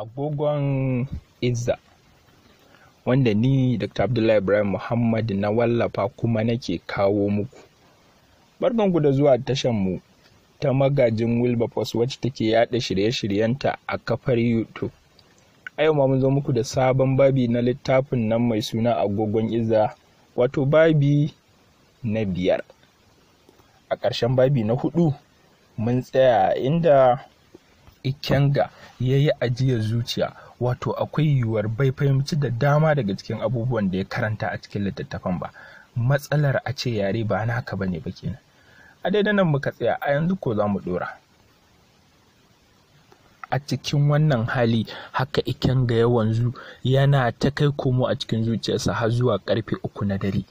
agogon izza wanda ni dr abdullahi ibrahim muhammad na wallafa kuma nake kawo muku barkanku da zuwa mu ta magajin wilberforce wacce take yada shirye-shiryenta a kafar youtube a yau ma mun zo muku da sabon babi na littafin nan mai suna agogon izza wato babi na biyar a ƙarshen babi na hudu mun tsaya inda Ikenga ya yi ajiyar zuciya, wato akwai yiwuwar bai fahimci da dama daga cikin abubuwan da ya karanta a cikin littattafan ba. Matsalar a ce yare ba haka ba ne ba kenan. A daidai nan muka tsaya a yanzu ko za mu ɗora. a cikin wannan hali haka ikenga ya wanzu yana ta kai komo a cikin zuciyarsa har zuwa karfe uku na dare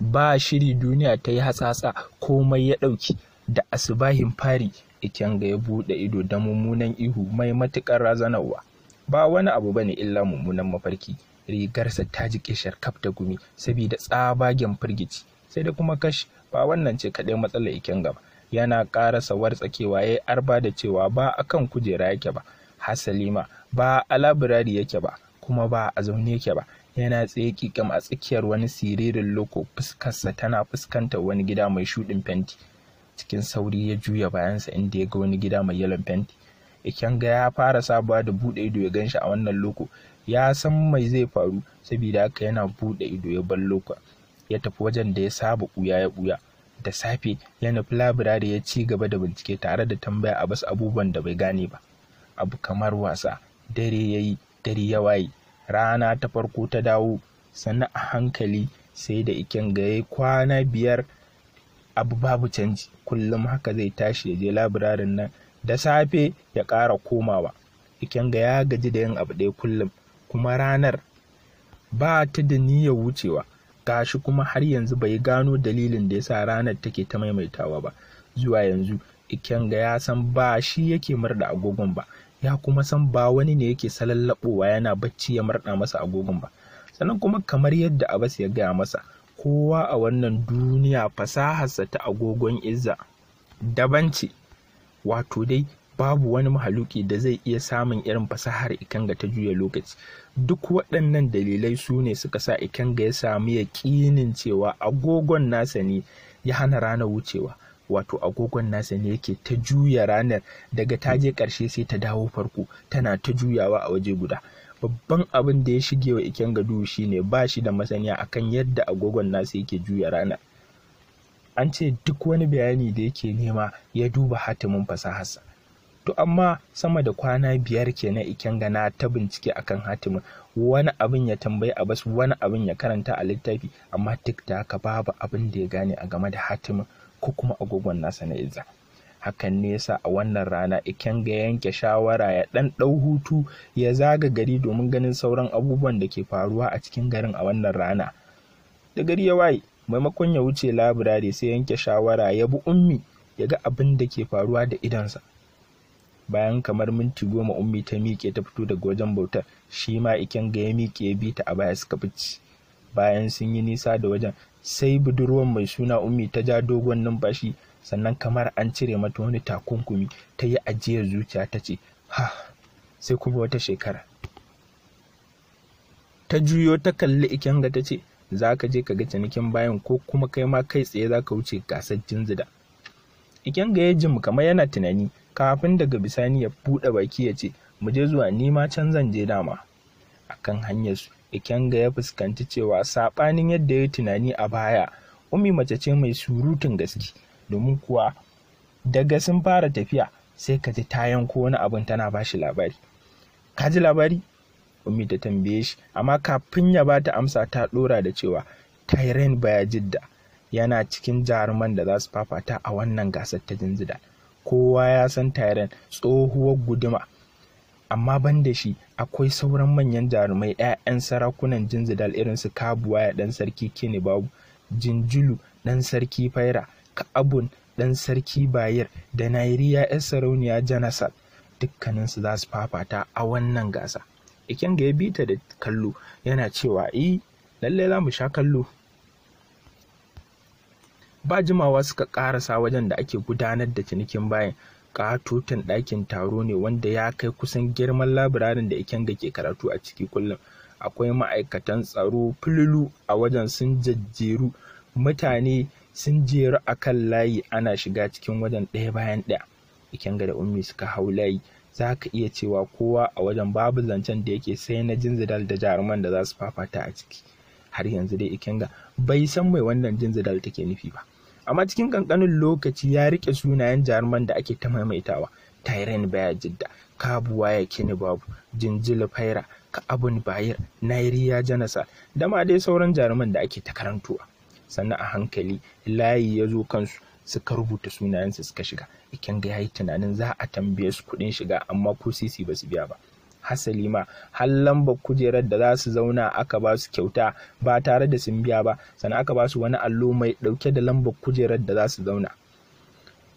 ba shiri duniya ta yi hatsatsa komai ya ɗauki da asibahin fari Ikenga ya buɗe ido da mummunan ihu mai matuƙar razanarwa. Ba wani abu ba ne illa mummunan mafarki. Rigarsa ta ji kishar kaf da gumi saboda tsabagen firgici. Sai da kuma kash ba wannan ce kaɗai matsalar Ikenga ba. Yana ƙarasa wartsakewa ya yi arba da cewa ba a kan kujera yake ba. Hasalima ba a labirari yake ba kuma ba a zaune yake ba. yana tsaye a tsakiyar wani siririn loko fuskarsa tana fuskantar wani gida mai shuɗin fenti cikin sauri ya juya bayansa inda ya ga wani gida mai yalon fenti iken ga ya fara sabuwa da buɗe ido ya gan shi a wannan loko ya san mai zai faru saboda haka yana buɗe ido ya bar loka ya tafi wajen da ya saba kuya ya kuya da safe ya nufi labirare ya ci gaba da bincike tare da tambaya a basu abubuwan da bai gane ba abu kamar wasa dare ya yi dare ya waye rana ta farko ta dawo sannan a hankali sai da iken ga ya kwana biyar abu babu canji kullum haka zai tashi ya je labirarin nan da safe ya ƙara komawa ikenga ya gaji da yin abu ɗaya kullum kuma ranar ba ta da niyyar wucewa gashi kuma har yanzu bai gano dalilin da ya sa ranar take ta maimaitawa ba zuwa yanzu ikenga ya san ba shi yake murda agogon ba ya kuma san ba wani ne yake salallaɓowa yana bacci ya murda masa agogon ba sannan kuma kamar yadda abas ya gaya masa kowa a wannan duniya fasaharsa ta agogon Izza daban ce wato dai babu wani mahaluki da zai iya samun irin fasahar Ikanga ta juya lokaci duk waɗannan dalilai su ne suka sa Ikanga ya samu yaƙinin cewa agogon nasa ne ya hana ranar wucewa wato agogon nasa ne yake ta juya ranar daga ta je ƙarshe sai ta dawo farko tana ta juyawa a waje guda babban abin da ya shige wa Ikenga duhu shine ba shi da masaniya akan yadda agogon nasa yake juya rana. An ce duk wani bayani da yake nema ya duba hatimin fasaharsa. To amma sama da kwana biyar kenan Ikenga na ta bincike akan hatimin wani abin ya tambayi a bas wani abin ya karanta a littafi amma duk da haka babu abin da ya gane a game da hatimin ko kuma agogon nasa na Izza. hakan ne a wannan rana Ikenga yanke shawara ya ɗan ɗau hutu ya zaga gari domin ganin sauran abubuwan da ke faruwa a cikin garin a wannan rana da gari ya waye maimakon ya wuce labirare sai yanke shawara ya bi ummi ya ga abin da ke faruwa da idonsa bayan kamar minti goma ummi ta miƙe ta fito daga wajen bautar shi ma Ikenga ya miƙe ya bi ta a baya suka fice bayan sun yi nisa da wajen sai budurwar mai suna ummi ta ja dogon numfashi sannan kamar an cire mata wani takunkumi ta yi ajiyar zuciya ta ce ha sai kuma wata shekara ta juyo ta kalli ikenga ta ce za ka je ka ga cinikin bayan ko kuma kai ma kai tsaye za ka wuce gasar jinzida ikenga ya jim kamar yana tunani kafin daga bisani ya buɗe baki ya ce mu je zuwa ni ma can zan je dama kan hanyar su ikenga ya fuskanci cewa saɓanin yadda ya yi tunani a baya umi mace ce mai surutun gaske domin kuwa daga sun fara tafiya sai ka ji ta yanko wani abin tana ba shi labari ka ji labari ummi ta tambaye shi amma kafin ya ba ta amsa ta ɗora da cewa tyrone baya jidda yana cikin jaruman da za su fafata a wannan gasar ta jinzida kowa ya san tyrone tsohuwar guduma amma ban da shi akwai sauran manyan jarumai 'ya'yan sarakunan jinzidal irin su kabuwa ya ɗan sarki kini babu jinjulu ɗan sarki faira abun ɗan sarki Bayir da Nairiya 'yar sarauniya Janasat dukkaninsu za su fafata a wannan gasa. Ikenga ya bi ta da kallo yana cewa i lallai za mu sha kallo. Ba jimawa suka ƙarasa wajen da ake gudanar da cinikin bayan katotin ɗakin taro ne wanda ya kai kusan girman labirarin da Ikenga ke karatu a ciki kullum. Akwai ma'aikatan tsaro fululu a wajen sun jajjeru mutane sun jeru a kan layi ana shiga cikin wajen ɗaya bayan ɗaya ikenga da ummi suka hau layi za ka iya cewa kowa a wajen babu zancen da yake sai na jinzidal da jaruman da za su fafata a ciki har yanzu dai ikenga bai san mai wannan jinzidal take nufi ba amma cikin kankanin lokaci ya rike sunayen jaruman da ake ta maimaitawa tyrene baya jidda kabuwa ya kini babu jinjil faira ka abun bayir nairiya janasa dama dai sauran jaruman da ake ta karantuwa sannan a hankali layi ya zo kansu suka rubuta sunayensu suka shiga ikin eh, ga yayi tunanin za a tambaye su kuɗin shiga amma ko sisi ba su biya ba hasali ma har lambar kujerar da za su zauna aka ba su kyauta ba tare da sun biya ba sannan aka ba su wani allo mai ɗauke da lambar kujerar da za su zauna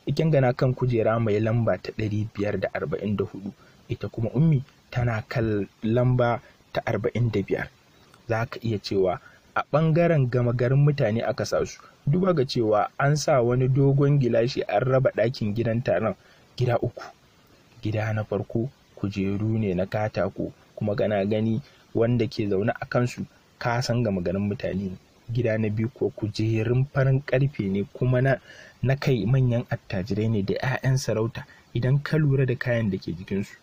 ikin eh, gana kan kujera mai lamba ta ɗari biyar da arba'in da hudu ita kuma ummi tana kan lamba ta arba'in da biyar za ka iya cewa a ɓangaren gama garin mutane aka sa su duba ga cewa an sa wani dogon gilashi an raba ɗakin gidan taron gida uku gida na farko kujeru ne na katako kuma gana gani wanda ke zaune a kansu kasan gama garin mutane gida na biyu kuwa kujerun farin karfe ne kuma na na kai manyan attajirai ne da 'ya'yan sarauta idan ka lura da kayan da ke jikinsu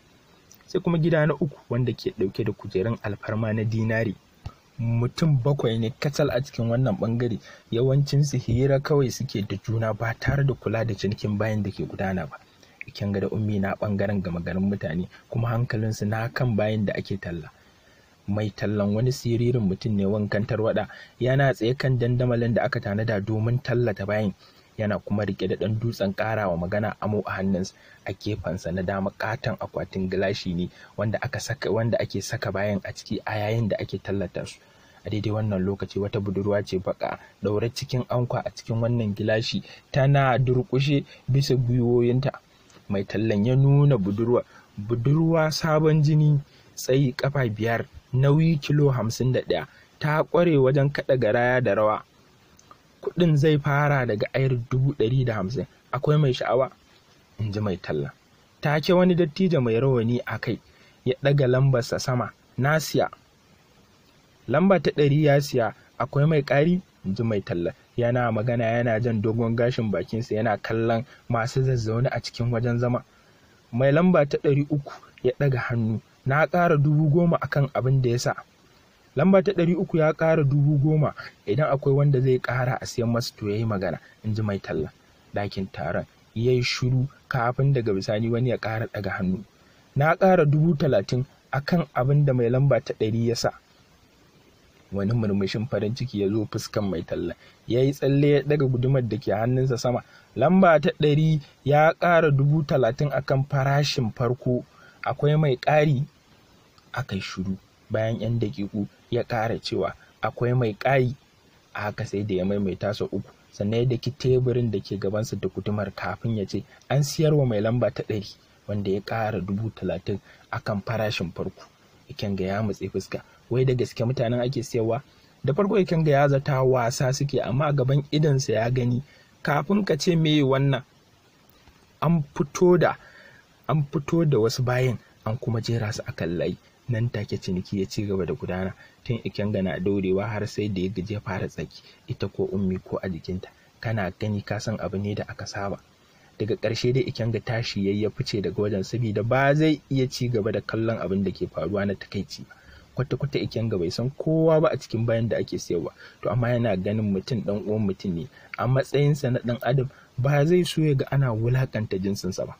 sai kuma gida na uku wanda ke ɗauke da kujerun alfarma na dinari mutum bakwai ne kacal a cikin wannan bangare yawancinsu hira kawai suke da juna ba tare da kula da cinikin bayan da ke gudana ba kyan gado ummi na bangaren gama garin mutane kuma hankalinsu na kan bayan da ake talla mai tallan wani siririn mutum ne wankan tarwada yana tsaye kan dandamalin da aka tanada domin tallata bayan yana kuma rike da ɗan dutsen wa magana amo a hannunsa a gefensa na dama katon akwatin gilashi ne wanda ake saka bayan a ciki a yayin da ake tallata su a daidai wannan lokaci wata budurwa ce baka daure cikin ankwa a cikin wannan gilashi tana durkushe bisa gwiwoyinta mai tallan ya nuna budurwa budurwa sabon jini tsayi kafa biyar nauyi kilo hamsin da ɗaya ta ƙware wajen kaɗa garaya da rawa kuɗin zai fara daga ayar dubu ɗari da hamsin akwai mai sha'awa in ji mai talla take wani dattijo mai rawani a kai ya ɗaga lambarsa sama nasiya lamba ta ɗari ya siya akwai mai ƙari ji mai talla yana magana yana jan dogon gashin bakinsa yana kallon masu zazzaune a cikin wajen zama mai lamba ta ɗari uku ya ɗaga hannu na ƙara dubu goma akan abin da ya sa lamba ta ɗari uku ya ƙara dubu goma idan akwai wanda zai ƙara a siyan masu to ya magana in ji mai talla ɗakin taron ya yi shiru kafin daga bisani wani ya ƙara ɗaga hannu na ƙara dubu talatin akan abin da mai lamba ta ɗari ya sa wani murmushin farin ciki ya zo fuskan mai talla ya yi tsalle ya daga gudumar da ke hannunsa sama lamba ta ɗari ya ƙara dubu talatin akan farashin farko akwai mai ƙari aka shiru, shuru bayan 'yan daƙiƙu ya ƙara cewa akwai mai ƙari a haka sai da ya maimaita sau uku sannan ya daki teburin da ke gabansa da gudumar kafin ya ce an siyarwa mai lamba ta ɗari wanda ya ƙara dubu talatin akan farashin farko Ikenga ya mutse fuska wai da gaske mutanen ake siyarwa da farko Ikenga ya zata wasa suke amma gaban idansa ya gani kafin ka ce me wannan an fito da an fito da wasu bayan an kuma jera su akan layi nan take ciniki ya ci gaba da gudana tun Ikenga na daurewa har sai da ya gaje fara tsaki ita ko ummi ko a jikinta kana gani ka san abu ne da aka saba daga ƙarshe dai Ikenga tashi yayi ya fice daga wajen saboda ba zai iya ci gaba da kallon abin da ke faruwa na takaici ba kwata-kwata Ikenga bai san kowa ba a cikin bayan da ake sayarwa to amma yana ganin mutum dan uwan mutum ne a matsayinsa na dan adam ba zai so ya ga ana wulakanta jinsinsa ba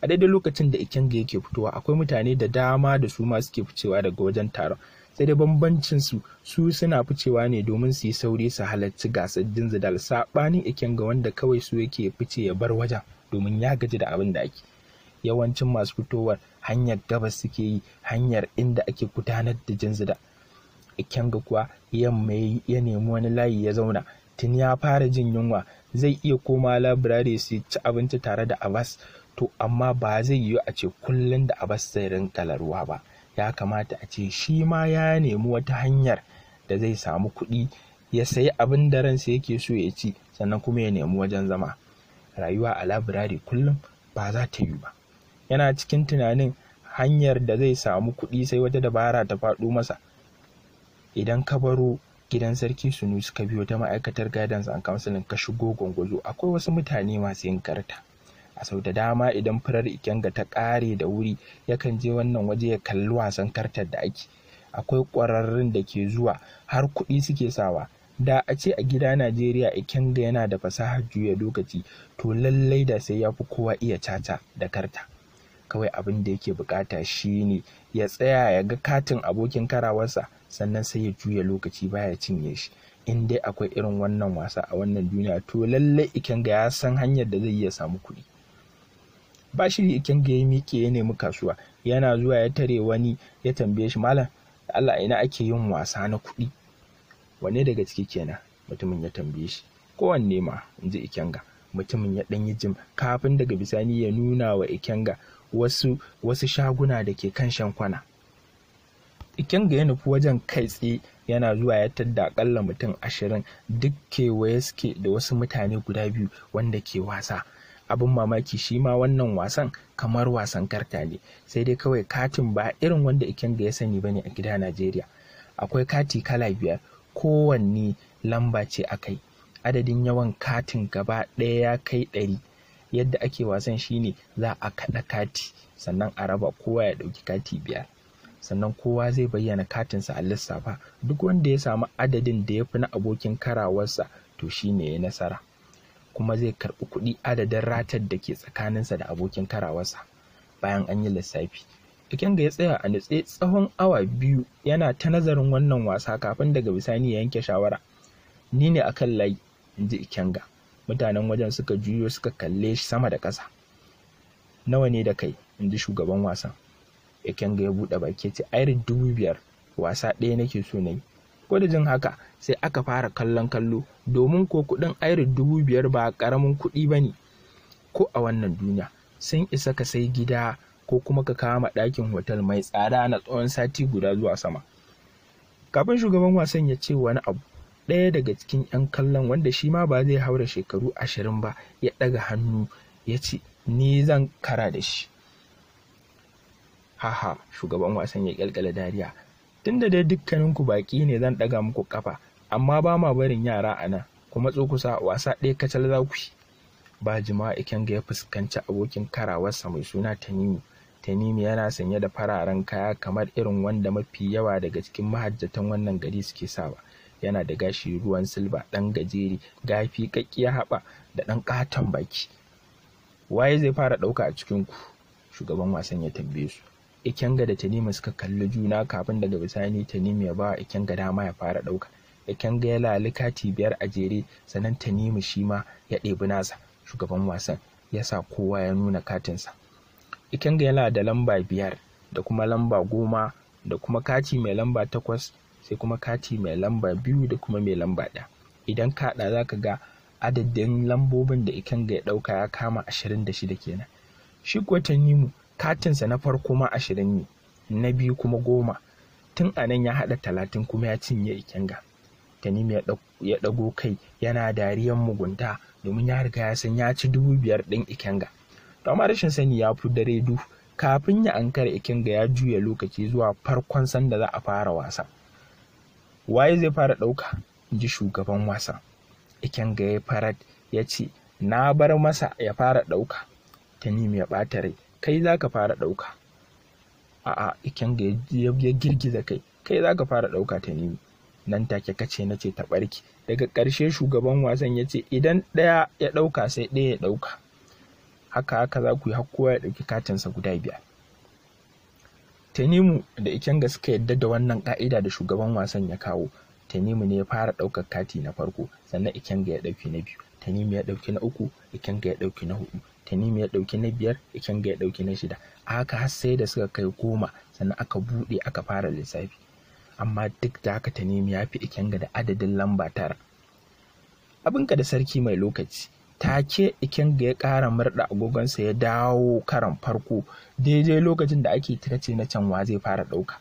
a daidai lokacin da Ikenga yake fitowa akwai mutane da dama da su ma suke ficewa daga wajen taron sai dai bambancin su su suna ficewa ne domin su yi sauri su halarci gasar din da sabanin ikenga wanda kawai su yake fice ya bar wajen domin ya gaji da abin da ake yawancin masu fitowar hanyar gabas suke yi hanyar inda ake gudanar da jinzida ga kuwa yamma ya nemi wani layi ya zauna tun ya fara jin yunwa zai iya koma labirare su ci abinci tare da abas, to amma ba zai yiwu a ce kullum da abbas zai rinka laruwa ba ya kamata a ce shi ma ya nemi wata hanyar da zai samu kuɗi ya sayi abin da ransa yake so ya ci sannan kuma ya nemi wajen zama rayuwa a labirari kullum ba za ta yi ba yana cikin tunanin hanyar da zai samu kuɗi sai wata dabara ta faɗo masa idan ka baro gidan sarki sunu suka biyo ta ma'aikatar guidance and counseling ka shigo gwangwazo akwai wasu mutane masu yin karta a sau da dama idan firar ikenga ta ƙare da wuri yakan je wannan waje ya kalli wasan kartar da ake akwai ƙwararrun da ke zuwa har kuɗi suke sawa da a ce a gida najeriya ikenga yana da fasahar juya lokaci to lallai da sai ya fi kowa iya caca da karta kawai abin da yake bukata ne, ya tsaya ya ga katin abokin karawarsa sannan sai ya juya lokaci baya cinye shi in dai akwai irin wannan wasa a wannan duniya to lallai ikenga ya san hanyar da zai iya samu kuɗi Ba shi ne Ikenga ya miƙe ya nemi kasuwa yana zuwa ya tare wani ya tambaye shi malam Allah ina ake yin wasa na kuɗi wanne daga ciki kenan mutumin ya tambaye shi kowanne ma in ji Ikenga mutumin ya ɗan yi jim kafin daga bisani ya nuna wa Ikenga wasu wasu shaguna da ke kan shankwana Ikenga ya nufi wajen kai tsaye yana zuwa ya tadda akalla mutum ashirin duk kewaye suke da wasu mutane guda biyu wanda ke wasa abin mamaki shi ma wannan wasan kamar wasan karta ne sai dai kawai katin ba irin wanda ikenga ya sani ba ne a gida najeriya akwai kati kala biyar kowanne lamba ce a kai adadin yawan katin gaba ɗaya ya kai ɗari yadda ake wasan shine za a kaɗa kati sannan a raba kowa ya ɗauki kati biyar sannan kowa zai bayyana katinsa a lissafa duk wanda ya samu adadin da ya fi na abokin karawarsa to shine ya nasara kuma zai karɓi kuɗi adadin ratar da ke tsakaninsa da abokin karawarsa bayan an yi lissafi Ikenga ya tsaya a nutse tsawon awa biyu yana ta nazarin wannan wasa kafin daga bisani ya yanke shawara ni ne akan layi in ji Ikenga mutanen wajen suka juyo suka kalle shi sama da ƙasa nawa ne da kai in ji shugaban wasan Ikenga ya buɗe baki ce airin dubu biyar wasa ɗaya nake so na yi da haka sai aka fara kallon kallo domin ko kuɗin airi dubu biyar ba karamin kuɗi ba ne ko a wannan duniya sun isa ka sai gida ko kuma ka kama ɗakin hotel mai tsada na tsawon sati guda zuwa sama kafin shugaban wasan ya ce wani abu ɗaya daga cikin 'yan kallon wanda shi ma ba zai haura shekaru ashirin ba ya ɗaga hannu ya ce ni zan kara da shi haha shugaban wasan ya kyalkyala dariya Tun da dai dukkaninku baƙi ne zan ɗaga muku ƙafa amma ba ma barin yara a nan kuma tso kusa wasa ɗaya kacal za ku yi ba jima'a ikenga ya fuskanci abokin karawarsa mai suna tanimu tanimu yana sanye da fararen kaya kamar irin wanda mafi yawa daga cikin mahajjatan wannan gari suke sawa yana da gashi ruwan silba ɗan gajeri gafi kakkiya haɓa da ɗan ƙaton baki waye zai fara ɗauka a cikinku shugaban wasan ya tambaye su Ikenga da Tanima suka kalli juna kafin daga bisani Tanima ya ba wa Ikenga dama ya fara ɗauka. Ikenga ya lalika kati biyar a jere sannan Tanima shi ma ya ɗebi nasa shugaban wasan ya sa kowa ya nuna katinsa. Ikenga yana da lamba biyar da kuma lamba goma da kuma kati mai lamba takwas sai kuma kati mai lamba biyu da kuma mai lamba ɗaya. Idan kaɗa za ka ga adadin lambobin da Ikenga ya ɗauka ya kama ashirin da shida kenan. Shi kuwa Tanimu katinsa na farko ma ashirin ne na biyu kuma goma tun a nan ya haɗa talatin kuma ya cinye ikenga tanim ya ɗago kai yana dariyan mugunta domin ya riga ya san ya ci dubu biyar ɗin ikenga to amma rashin sani ya fi dare du kafin ya ankara ikenga ya juya lokaci zuwa farkon sanda za a fara wasa waye zai fara ɗauka in ji shugaban wasan ikenga ya farat ya ce na bar masa ya fara ɗauka tanim ya ɓata rai kai za ka fara ɗauka a'a iken ga ya girgiza kai kai za ka fara ɗauka ta nemi nan take kace na ce ta ɓarki daga ƙarshe shugaban wasan ya ce idan ɗaya ya ɗauka sai ɗaya ya ɗauka haka haka za ku yi kowa ya ɗauki katinsa guda biyar tanimu da ikenga suka yadda da wannan ka'ida da shugaban wasan ya kawo tanimu ne ya fara ɗaukar kati na farko sannan ikenga ya ɗauki na biyu tanimu ya ɗauki na uku ikenga ya ɗauki na hudu tanimu ya ɗauki na biyar ikenga ya ɗauki na shida a haka har sai da suka kai goma sannan aka buɗe aka fara lissafi amma duk da haka tanimu ya fi ikenga da adadin lamba tara abinka da sarki mai lokaci ta take ikenga ya ƙara murɗa agogonsa ya dawo karan farko daidai lokacin da ake ce na canwa zai fara ɗauka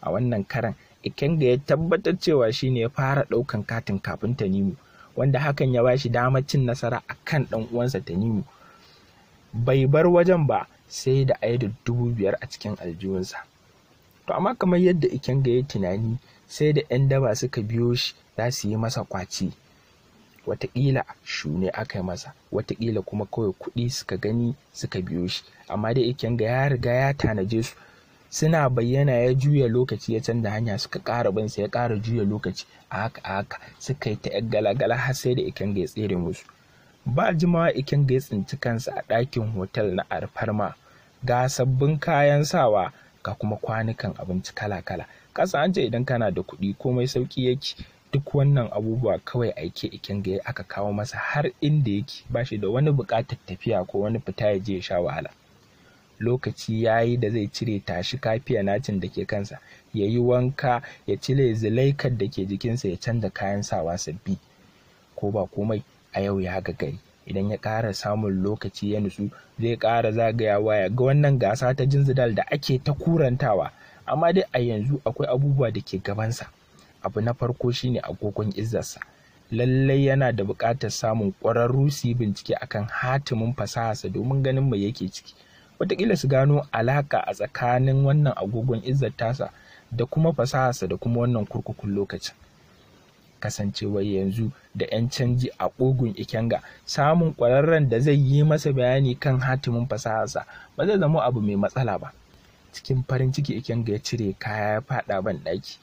a wannan karan ikenga ya tabbatar cewa shine ya fara ɗaukan katin kafin tanimu wanda hakan ya bashi damar cin nasara a kan ɗan uwansa tanimu bai bar wajen ba sai da da dubu biyar a cikin aljihunsa to amma kamar yadda ikenga ya tunani sai da 'yan daba suka biyo shi za su yi masa kwaci wataƙila shune aka yi masa wataƙila kuma kawai kuɗi suka gani suka biyo shi amma dai ikenga ya riga ya tanaje su suna bayyana ya juya lokaci ya canza hanya suka ƙara bin ya ƙara juya lokaci a haka a haka suka yi ta 'yan galagala har sai da ikenga ya tsere musu ba jimawa ikin ya tsinci kansa a ɗakin hotel na alfarma ga sabbin kayan sawa ga kuma kwanukan abinci kala-kala kasa an ce idan kana da kuɗi komai sauƙi yake duk wannan abubuwa kawai aike ikin ga aka kawo masa har inda yake ba shi da wani buƙatar tafiya ko wani fita ya je ya sha wahala lokaci ya yi da zai cire tashi kafiya nacin da ke kansa ya yi wanka ya cire zulaikar da ke jikinsa ya canza kayan sawa sabbi ko ba komai a yau ya gagari idan ya ƙara samun lokaci ya nutsu zai ƙara zagayawa ya ga wannan gasa ta jinzidal da ake ta kurantawa amma dai a yanzu akwai abubuwa da ke gabansa abu na farko shine agogon izzarsa lallai yana da buƙatar samun ƙwararru su yi bincike akan hatimin fasaharsa domin ganin mai yake ciki wataƙila su gano alaƙa a tsakanin wannan agogon izzar tasa da kuma fasaharsa da kuma wannan kurkukun lokacin kasancewar yanzu da 'yan canji a ƙugun ikenga samun ƙwararren da zai yi masa bayani kan hatimin fasaharsa ba zai zama abu mai matsala ba cikin farin ciki ikenga ya cire kaya ya faɗa ban ɗaki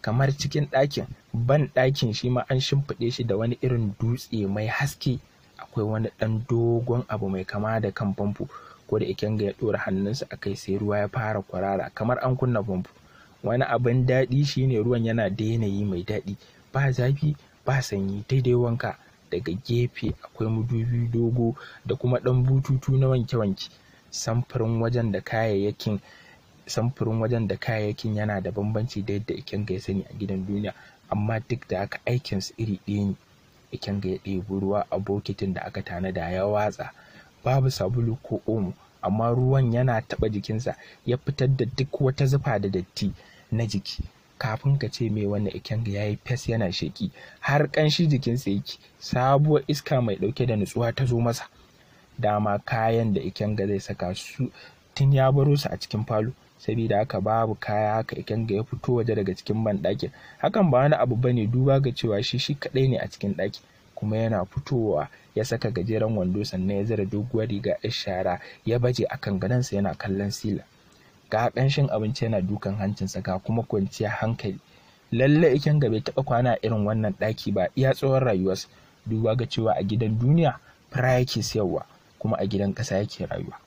kamar cikin ɗakin ban ɗakin shi ma an shimfiɗe shi da wani irin dutse mai haske akwai wani ɗan dogon abu mai kama da kan famfo ko da ikenga ya ɗora hannunsa a kai sai ruwa ya fara kwarara kamar an kunna famfo wani abin daɗi shine ruwan yana da yanayi mai daɗi ba zafi ba sanyi daidai wanka daga gefe akwai madubi dogo da kuma ɗan bututu na wanke wanke samfurin wajen da kayayyakin samfurin wajen da kayayyakin yana da bambanci da yadda ikenga ya sani a gidan duniya amma duk da haka su iri ɗaya ne ikenga ya ɗebi ruwa a bokitin da aka tanada ya watsa babu sabulu ko omo amma ruwan yana taɓa jikinsa ya fitar da duk wata zufa da datti na jiki kafin ka ce mai wani ikenga ya yi fes yana sheki har ƙanshi jikinsa yake sabuwar iska mai ɗauke da nutsuwa ta zo masa dama kayan da ikenga zai saka su tun ya baro su a cikin falo sabida haka babu kaya haka ikenga ya fito waje daga cikin banɗakin hakan ba wani abu bane duba ga cewa shi shi kaɗai ne a cikin ɗakin kuma yana fitowa ya saka gajeren wando sannan ya zara doguwar riga yar shara ya baje akan gadonsa yana kallon sila ga ƙanshin abinci yana dukan hancinsa ga kuma kwanciya hankali lalle iken ga bai taɓa kwana a irin wannan ɗaki ba iya tsohon rayuwarsa duba ga cewa a gidan duniya fara yake sayarwa kuma a gidan ƙasa yake rayuwa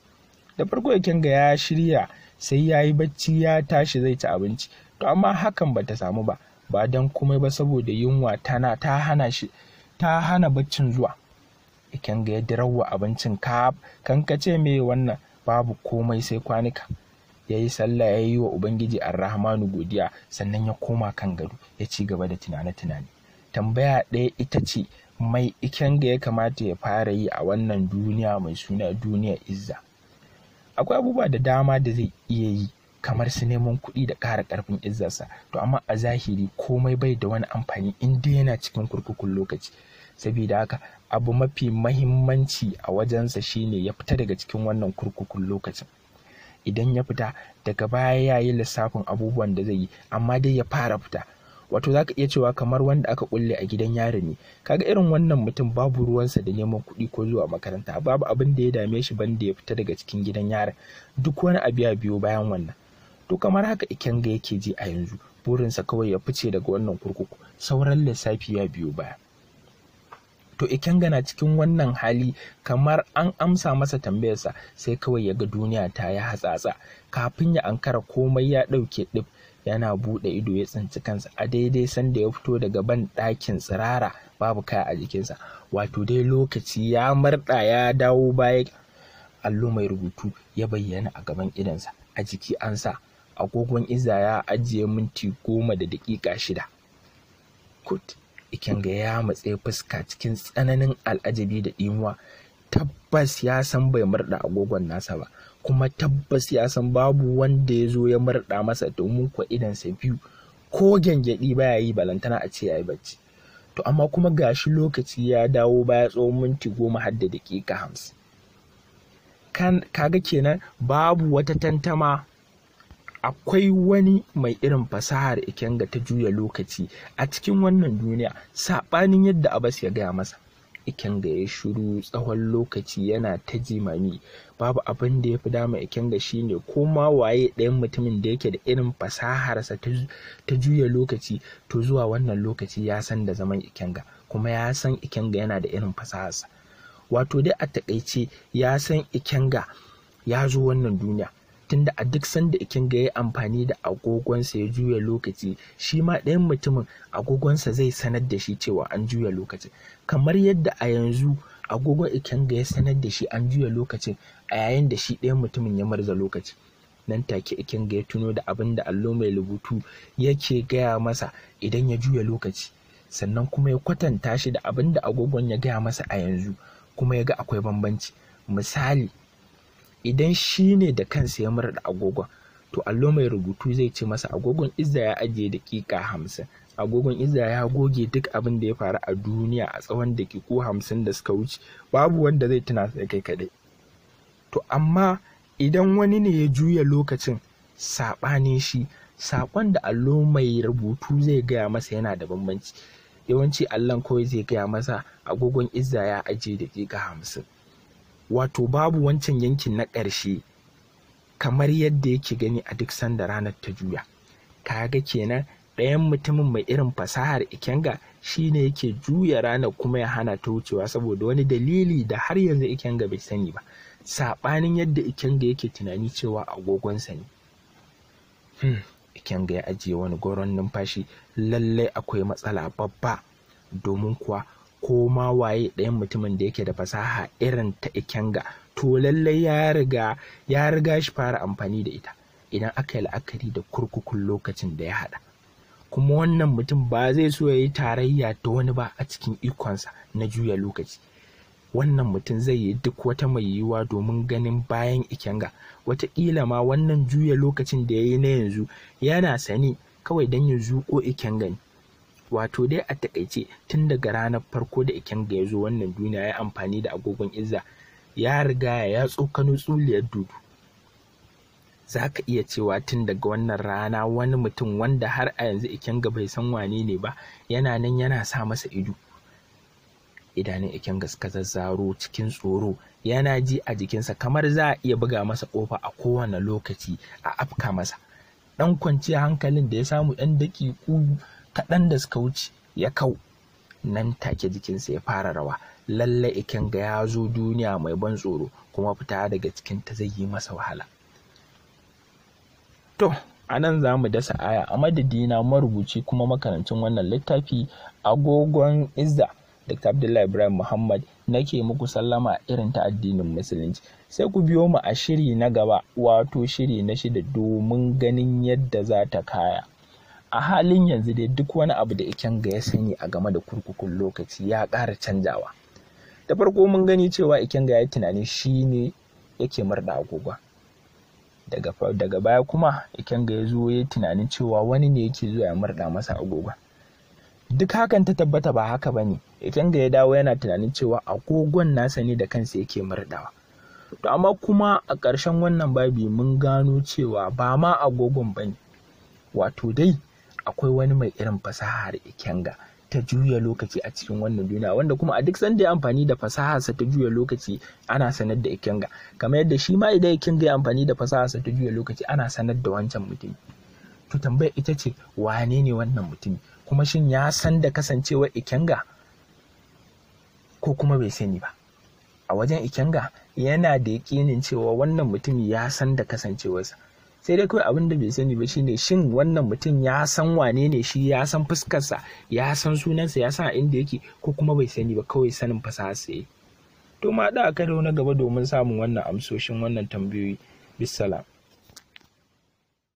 da farko ikin ga ya shirya sai ya yi bacci ya tashi zai ci abinci to amma hakan ba ta samu ba ba don komai ba saboda yunwa tana ta hana shi ta hana baccin zuwa ikin ga ya dirawa abincin ka kankace me wannan babu komai sai kwanuka ya yi sallah ya yi wa ubangiji arrahmanu godiya sannan ya koma kan gado ya ci gaba da tunane-tunane tambaya ɗaya ita ce mai iken ga ya kamata ya fara yi a wannan duniya mai suna duniya izza akwai abubuwa da dama da zai iya yi kamar su neman kuɗi da ƙara ƙarfin izzarsa to amma a zahiri komai bai da wani amfani in dai yana cikin kurkukun lokaci saboda haka abu mafi mahimmanci a wajensa shine ya fita daga cikin wannan kurkukun lokacin idan ya fita daga baya ya yi lissafin abubuwan da zai yi amma dai ya fara fita wato zaka iya cewa kamar wanda aka kulle a gidan yari ne kaga irin wannan mutum babu ruwansa da neman kuɗi ko zuwa makaranta babu abin da ya dame shi banda ya fita daga cikin gidan yarin duk wani abu ya biyo bayan wannan to kamar haka ikenga yake ji a yanzu burinsa kawai ya fice daga wannan kurkuku sauran lissafi ya biyo baya to ikenga na cikin wannan hali kamar an amsa masa tambayarsa sai kawai ya ga duniya ta yi hatsatsa kafin ya ankara komai ya ɗauke ɗif yana buɗe ido ya tsinci kansa a daidai sanda ya fito daga ban ɗakin tsirara babu kaya a jikinsa wato dai lokaci ya marɗa ya dawo baya allo mai rubutu ya bayyana a gaban idonsa a jiki an sa agogon iza ya ajiye minti goma da daƙiƙa shida. iken ga ya matse fuska cikin tsananin al'ajabi da ɗimuwa tabbas ya san bai murda agogon nasa ba kuma tabbas ya san babu wanda ya zo ya murda masa domin kwa idansa biyu ko gyangyaɗi baya yi balantana a ce ya yi bacci to amma kuma gashi lokaci ya dawo baya tsawon minti goma har da daƙiƙa hamsin kaga kenan babu wata tantama akwai wani mai irin fasahar ikenga ta juya lokaci a cikin wannan duniya saɓanin yadda abbas ya gaya masa ikenga ya shiru tsawon lokaci yana ta jimami babu abin da ya fi dama ikenga shine ko ma waye ɗayan mutumin da yake da irin fasaharsa ta juya lokaci to zuwa wannan lokaci ya san da zaman ikenga kuma ya san ikenga yana da irin fasaharsa wato dai a takaice ya san ikenga ya zo wannan duniya tunda a duk sanda ikin ga ya amfani da agogonsa ya juya lokaci shi ma ɗayan mutumin agogonsa zai sanar da shi cewa an juya lokaci, kamar yadda a yanzu agogon ikin ga ya sanar da shi an juya lokacin a yayin da shi ɗayan mutumin ya marza lokaci nan take ikin ga ya tuno da abin da allo mai rubutu yake gaya masa idan ya juya lokaci sannan kuma ya kwatanta shi da abin da agogon ya gaya masa a yanzu kuma ya ga akwai bambanci misali idan shi ne da kansa ya da agogon to allo mai rubutu zai ce masa agogon izza ya ajiye daƙiƙa hamsin agogon izza ya goge duk abin da ya faru a duniya a tsawon daƙiƙu hamsin da suka wuce babu wanda zai tuna sai kai kaɗai to amma idan wani ne ya juya lokacin saɓanin shi saƙon da allo mai rubutu zai gaya masa yana da bambanci yawanci allon kawai zai gaya masa agogon izza ya ajiye daƙiƙa hamsin wato babu wancan yankin na ƙarshe kamar yadda yake gani a duk sanda ranar ta juya kaga kenan ɗayan mutumin mai irin fasahar ikenga shine yake juya ranar kuma ya hana ta wucewa saboda wani dalili da har yanzu ikenga bai sani ba saɓanin yadda ikenga yake tunani cewa agogonsa ne hmm. ikenga ya ajiye wani goron numfashi lallai akwai matsala babba domin kuwa ko ma waye ɗayan mutumin da yake da fasaha irin ta ikenga to lallai ya riga ya riga shi fara amfani da ita idan aka yi la'akari da kurkukun lokacin da ya haɗa kuma wannan mutum ba zai so ya yi tarayya ta wani ba a cikin ikonsa na juya lokaci wannan mutum zai yi duk wata mai yiwuwa domin ganin bayan ikenga wataƙila ma wannan juya lokacin da ya yi na yanzu yana sani kawai don ya zuƙo ikenga ne wato dai a takaice tun daga ranar farko da ikenga ya zo wannan duniya ya amfani da agogon izza ya riga ya tsokano tsuliyar dudu za ka iya cewa tun daga wannan rana wani mutum wanda har a yanzu ikenga bai san wane ne ba yana nan yana sa masa ido idanun ikenga suka zazzaro cikin tsoro yana ji a jikinsa kamar za a iya buga masa kofa a kowane lokaci a afka masa dan kwanciya hankalin da ya samu dan daƙiƙu kaɗan da suka wuce ya kau nan take jikinsa ya fara rawa lalle ga ya zo duniya mai ban tsoro kuma fita daga cikin ta zai yi masa wahala to a nan za mu dasa aya a madadina marubuci kuma makarancin wannan littafi agogon izza Da Abdullahi Ibrahim Muhammad nake muku sallama irin ta addinin Musulunci. Sai ku biyo mu a shiri na gaba wato shiri na shida domin ganin yadda za ta kaya. a halin yanzu dai duk wani abu da Ikenga ya sani a game da kurkukun lokaci ya ƙara canjawa Ta farko mun gani cewa Ikenga ga ya tunani shi ne yake murda agogon daga, baya kuma Ikenga ga ya zo ya tunanin cewa wani ne yake zuwa ya murda masa agogon duk hakan ta tabbata ba haka ba ne Ikenga ya dawo yana tunanin cewa agogon nasa ne da kansa yake murdawa to amma kuma a ƙarshen wannan babi mun gano cewa ba ma agogon ba ne wato dai akwai wani mai irin fasahar ikenga ta juya lokaci a cikin wannan duniya wanda kuma a duk sanda ya amfani da fasaharsa ta juya lokaci ana sanar da ikenga kamar yadda shi ma idan ikenga ya amfani da sa ta juya lokaci ana sanar da wancan mutum to tambayar ita ce wane ne wannan mutum kuma shin ya san da kasancewar ikenga ko kuma bai sani ba a wajen ikenga yana da yakinin cewa wannan mutum ya san da kasancewarsa sai dai kawai abin da bai sani ba shine shin wannan mutum ya san wane ne shi ya san fuskarsa ya san sunansa ya san inda yake ko kuma bai sani ba kawai sanin fasaha sai to ma da aka na gaba domin samun wannan amsoshin wannan tambayoyi bisalam